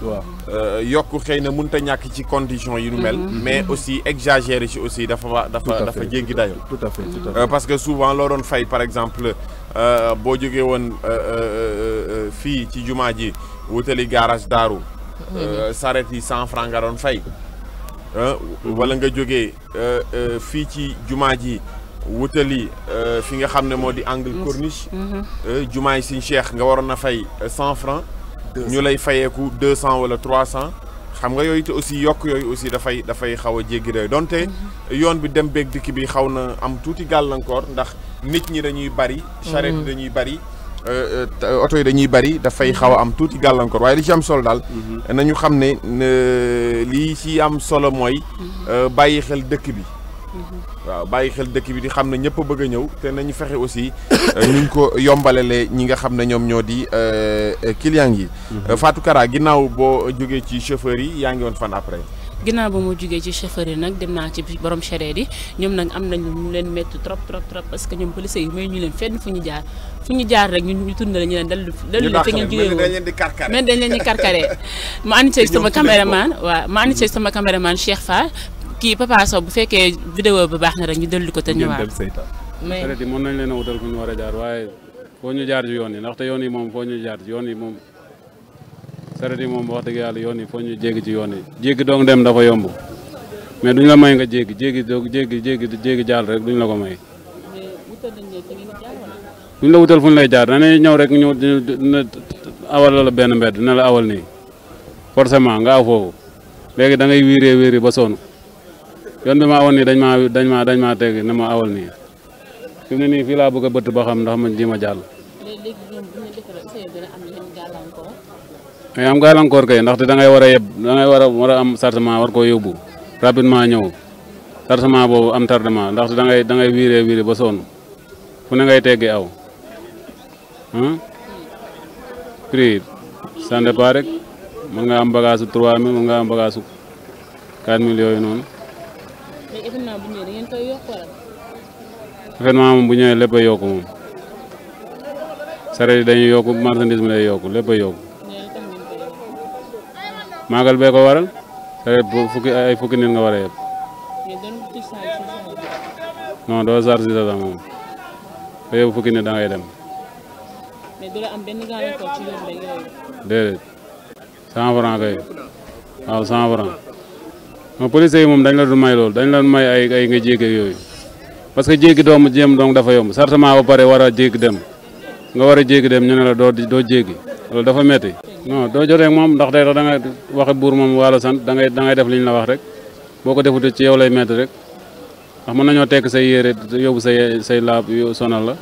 waaw euh, yokk xëy na mënut a ñàkk ci condition yi nu mel. Mm-hmm. mais aussi exagéré ci aussi dafa dafa dafa jéggi dayo tout euh, parce que souvent loo doon fay par exemple euh, boo jógee woon fii ci jumaa ji wutali garage daaru. saret mm-hmm. yi cent franc nga fay. Mm-hmm. wala nga jógee fii ci jumaa ji wutali fi nga xam ne moo di angle corniche. juma yi suñu cheikh nga waroon a fay cent franc. ñu lay fayeeku deux cent wala trois cent xam nga yooyu te aussi yokk yooyu aussi dafay dafay xaw a jéggi day donte mm-hmm. yoon bi dem beeg dikk bi xaw na am tuuti gàllankoor ndax nit ñi dañuy bari charrette mm-hmm. dañuy bari euh, euh, oto yi dañuy bari dafay xaw am tuuti mm-hmm. gàllankoor waaye li ci am solo daal nañu xam ne euh, li ci am solo mooy bàyyi xel dëkk bi waaw bàyyi xel dëkk bi di xam na ñëpp a bëgg a ñëw te nañu fexe aussi ñu euh, ngi ko yombalalee ñi nga xam ne ñoom ñoo di euh, client yi. Mhm. Euh, Fatou Kara ginnaaw boo jógee ci chauffeur yi yaa ngi woon fan après. ginnaaw ba mu jugee ci chauffeur yi nag dem naa ci borom charrette yi ñoom nag am nañu ñu leen métti trop trop trop parce que ñoom police yi may ñu leen fenn fu ñu jaar fu ñu jaar rek ñu ñu tunda la ñu leen dallu dallu leen te ngeen jugee woon mais dañ leen di karkare ma ànd ci sama caméraman waaw ma ànd ci sama caméraman Cheikh Fall kii Papa Sow bu fekkee vidéo bu baax na rek ñu dellu ko te nañ leen ñu war a jaar waaye foo ñu jaar ci yoon yi ndaxte yoon yi moom foo ñu jaar ci yoon yi moom saret yi moom wax dëgg yàlla yoon yi foo ñu jéggi ci yoon yi jéggi doong dem dafa yomb mais duñ la may nga jéggi jéggi doog jéggi jéggi jéggi jàll rek duñ la ko may duñ la wutal fu ñu lay jaar danañ ñëw rek ñëw dina awal la benn mbedd na la awal nii forcément nga aw foofu léegi da ngay wiiree wiiri ba sonn yon dama ma ni dañ ma dañ ma dañ maa teg ne ma awal nii fi ni ne nii fii laa bëgg bëtt ba xam ndax ma jima jall am galankor kay ndax da ngay wara yeb da ngay wara wara am chargement war ko yobbu rapidement ñew chargement bo am tardement ndax da ngay da ngay wiré wiré ba sonn fu ne ngay téggé aw hmm? prix ça dépend rek mo nga am bagage 3000 mo nga am bagage 4000 yoy non mais événement bu ñëwee lépp a yokku moom sareet yi dañuy yokku marchandise mi day yokku lépp a yokku. maagal bee ko waral sareet ay fukki nga war a yëpp. non doo charge si dara moom ba yóbbu fukki nit dem. mais du la am kay waaw cent franc. non police yi moom dañ la du may loolu dañ la may ay ay nga jéggi yooyu parce que jéggi doomu jéem donc dafa yomb certainement ba pare war a jéggi dem nga war a jéggi dem ñu ne la doo doo jéggi dafa metti non doo jotee moom ndax day tax da nga waxe buur moom wàllu sant dangay ngay def li ñu la wax rek boo ko defute ci yow lay metti rek ndax na ñoo tekk say yére yóbbu say say laab sonal la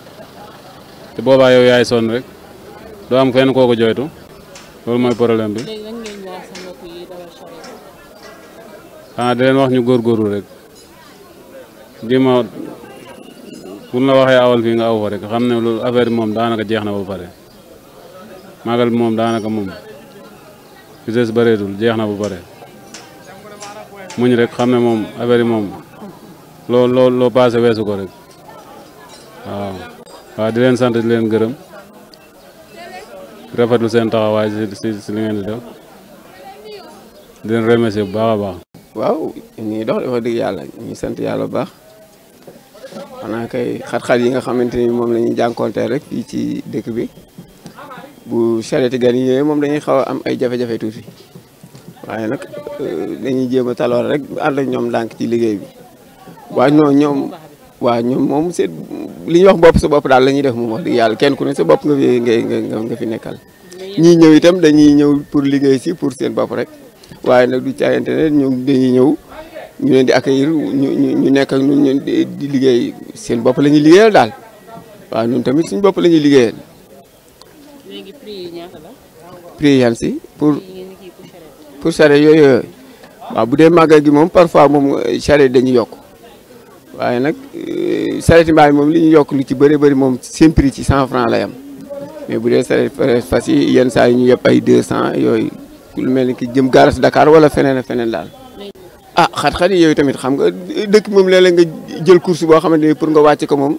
te boobaa yow yaay sonn rek doo am fenn koo ko joytu loolu mooy problème bi ah di wax ñu góorgóorlu rek jéema pour la awal fii nga aw fa xam ne loolu affaire bi moom daanaka jeex na ba pare màggal bi moom daanaka moom li des jeex na ba pare muñ rek xam ne moom affaire yi moom loo loo loo paase weesu ko rek waaw waaw di leen sant di leen gërëm rafetlu seen taxawaay si si li ngeen di def di leen remercier bu baax waaw ñu ngi dox dafa dëgg yàlla ñu sant yàlla bu baax xanaa kay xat-xat yi nga xamante ni moom lañuy ñuy rek ci dëkk bi bu charette gan yi moom dañuy xaw a am ay jafe-jafe tuuti nag euh, dañuy jéem a taloor rek ànd ak ñoom ndànk ci liggéey bi waa ñoo ñoom waa moom seen li ñuy wax bopp sa bopp daal la ñuy def moom wax dëgg yàlla kenn ku ne sa bopp nga fi nga fi nekkal ñi ñëw dañuy ñëw pour liggéey si pour seen bopp rek waaye nag du caagante ne ñoom dañuy ñëw ñu leen di accueillir ñu ñu nekk ak ñun di liggéey seen bopp la ñuy liggéeyal daal waaw ñun tamit suñu bopp la ñuy liggéeyal. léegi prix si pour pour charrette yooyu waaw bu dee màggal gi moom parfois moom charrette dañuy yokk waaye nag charrette mbaay moom li ñu yokk lu ci bëri bëri moom seen prix ci cent franc la yam mais bu dee charrette fas yi yenn saa yi ñu yëpp ay deux cent yooyu. lu mel ni ki jëm gaara si Dakar wala feneen ak feneen daal. ah xat-xat yi yooyu tamit xam nga dëkk moom léeg-léeg nga jël course boo xamante ni pour nga wàcce ko moom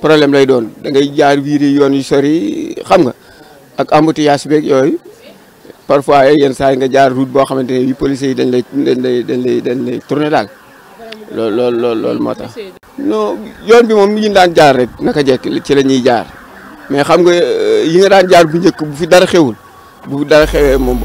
problème lay doon da ngay jaar wiiri yoon yu sori xam nga ak embouteillage beeg yooyu parfois yenn saa yi nga jaar route boo xamante ne bii policiers yi dañ lay dañ lay dañ lay dañ lay tourner daal lool lool lool moo tax. non yoon bi moom yi ñu daan jaar rek naka jekk ci la ñuy jaar mais xam nga euh, yi nga daan jaar bu njëkk bu fi dara xewul bu dara xewee moom.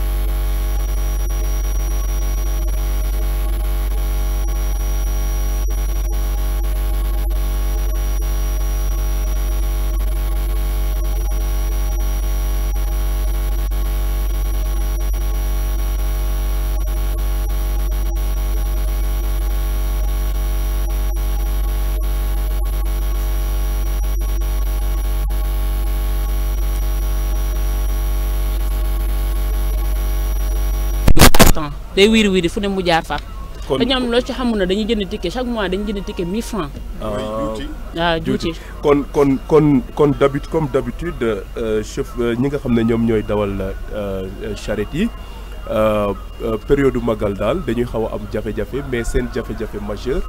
day wiiri wiiri fu ne mu jaar fa. kon te ñoom loo ci xamul ne dañuy jënd ticket chaque mois dañuy jënd ticket 1000 francs. waaw ah. juuti ah, kon kon kon kon d'habitude comme d'habitude euh, chef euh, ñi nga xam ne ñoom ñooy dawal euh, charrette yi période magal daal dañuy xaw a am jafe-jafe mais seen jafe-jafe majeur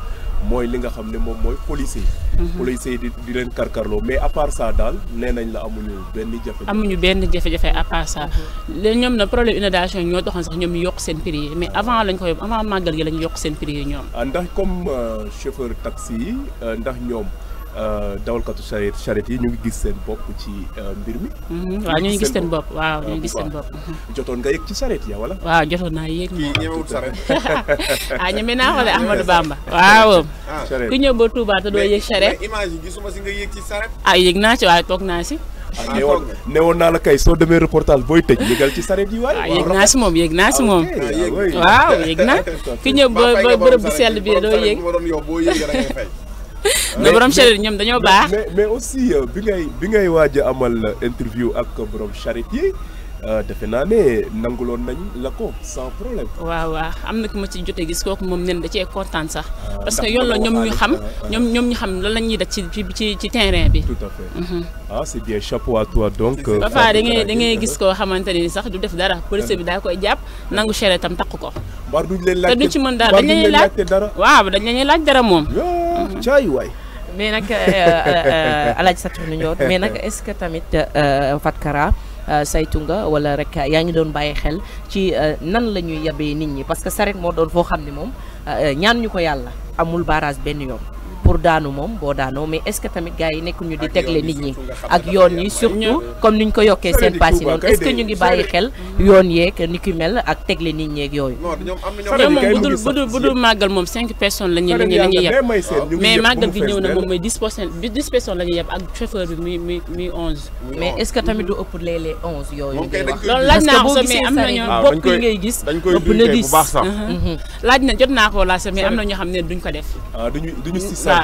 mooy li nga xam ne moom mooy police yi. Mhm. police yi di di leen karkarloo mais à part ça daal nee nañ la amuñu benn jafe-jafe. amuñu benn jafe-jafe à part ça mhm. léegi ñoom na problème inondation ñoo taxoon sax ñoom ñu yokk seen prix yi mais ah. avant lañ ko yóbbu avant màggal gi lañ yokk seen prix yi ñoom. Ah, ndax comme euh, chauffeur taxi yi euh, ndax ñoom. Euh, dawalkatu charette charette yi ñu ngi gis seen bopp ci euh, mbir mi. Mhm. waaw ñu ngi gis seen bopp waaw ñu ngi gis euh, seen bopp. Mhm. jotoon nga yëg ci charette ya wala. waaw jotoon naa yëg. kii ñemewul charette. ah ñeme naa xoolee Ahmadou Bamba. waaw. Ah, ku ñëw ba Touba te doo yëg charette. mais si nga yëg ci ah, naa toog naa si. ah, ah newoon naa la kay soo demee reportage booy tëj yëgal ci sareet yi waaye. yëg naa si moom yëg naa si moom. waaw yëg naa ki ñëw ba ba bërëb bu sell bi doo yëg. mais borom charrette ñoom dañoo baax. mais aussi euh, bi ngay bi ngay waaj a amal interview ak borom charrette yi euh, defe naa ne nanguloon nañ la ko sans problème. waaw am na ku ma ci jotee gis kooku moom nen da cee kontaan sax. Ah, parce que yoon la ñoom ñu xam ah, ah. ñoom ñoom ñu xam lan la ñuy def ci ci ci terrain bi. tout à fait. Mhm. ah c'est bien chapeau à euh, da ngay gis koo xamante ne sax du def dara police bi daa koy jàpp nangu charrette tam takk ko. war duñ leen laajte te duñ ci mën dara dañ leen laaj waaw dañ leen laaj dara moom. Mhm. caay waay. mais nag euh, euh, Alaaji Saturne Ndior mais nag est-ce que tamit euh, Fatkara saytu nga wala rek yaa ngi doon bàyyi xel ci nan la ñuy yabee nit ñi parce que saret moo doon foo xam ne moom ñaan ñu ko yàlla amul barrage benn yoon pour daanu mom bo daanoo mais est-ce que tamit gars yi nekkul ñu di tegle nit ñi ak yoon yi surtout comme niñ ko yoké sen pass yi noonu est-ce que ñu ngi bàyyi xel yoon yeeg ni ki mel ak tegle nit ñeeg yooyu moom bu dul bu dul bu dul magal mom 5 personnes lañu ñu lañu ñu yeb mais magal gi ñëw na mom mooy 10 personnes 10 personnes lañu ñu yeb ak chauffeur bi mi mi 11 mais est-ce que tamit du ëpp léeg les onze yooyu ngay wax loolu laaj naa ko mais am na ñoo bokk ngay gis ëpp na dix laaj na jot na ko la laaj mais am na ñoo xamné duñ ko def ah, duñu duñu si sa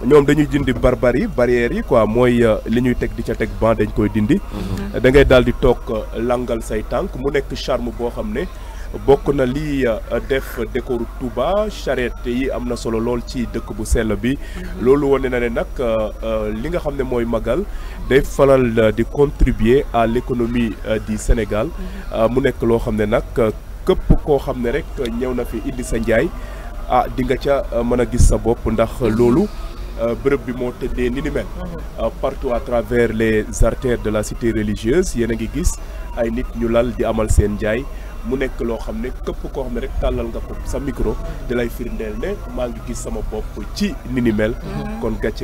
ñoom dañuy jëndi barbar yi barrières yi quoi mooy euh, li ñuy teg di ca teg ban dañ koy dindi. Mhm. da ngay daal di toog euh, langal say tànk mu nekk charme boo xam ne bokk na lii euh, def décoru Touba charrette yi am na solo lool ci dëkk bu sell bi. Mhm. loolu wane na ne nag li nga xam ne mooy magal day faral di contribuer à l'économie di Sénégal mhm. mu nekk loo xam ne nag képp koo xam ne rek ñëw na fi indi sa njaay ah di nga ca mën a gis sa bopp ndax loolu. Euh, bërëb bi mo teddé ni ni mel euh, partout à travers les artères de la cité religieuse yéen a ngi gis ay nit ñu lal di amal sen njaay mu nek lo xamné ne ko xamné rek talal nga ko sa micro de lay firndel né ma ngi gis sama bop ci ni ni mel mm-hmm. kon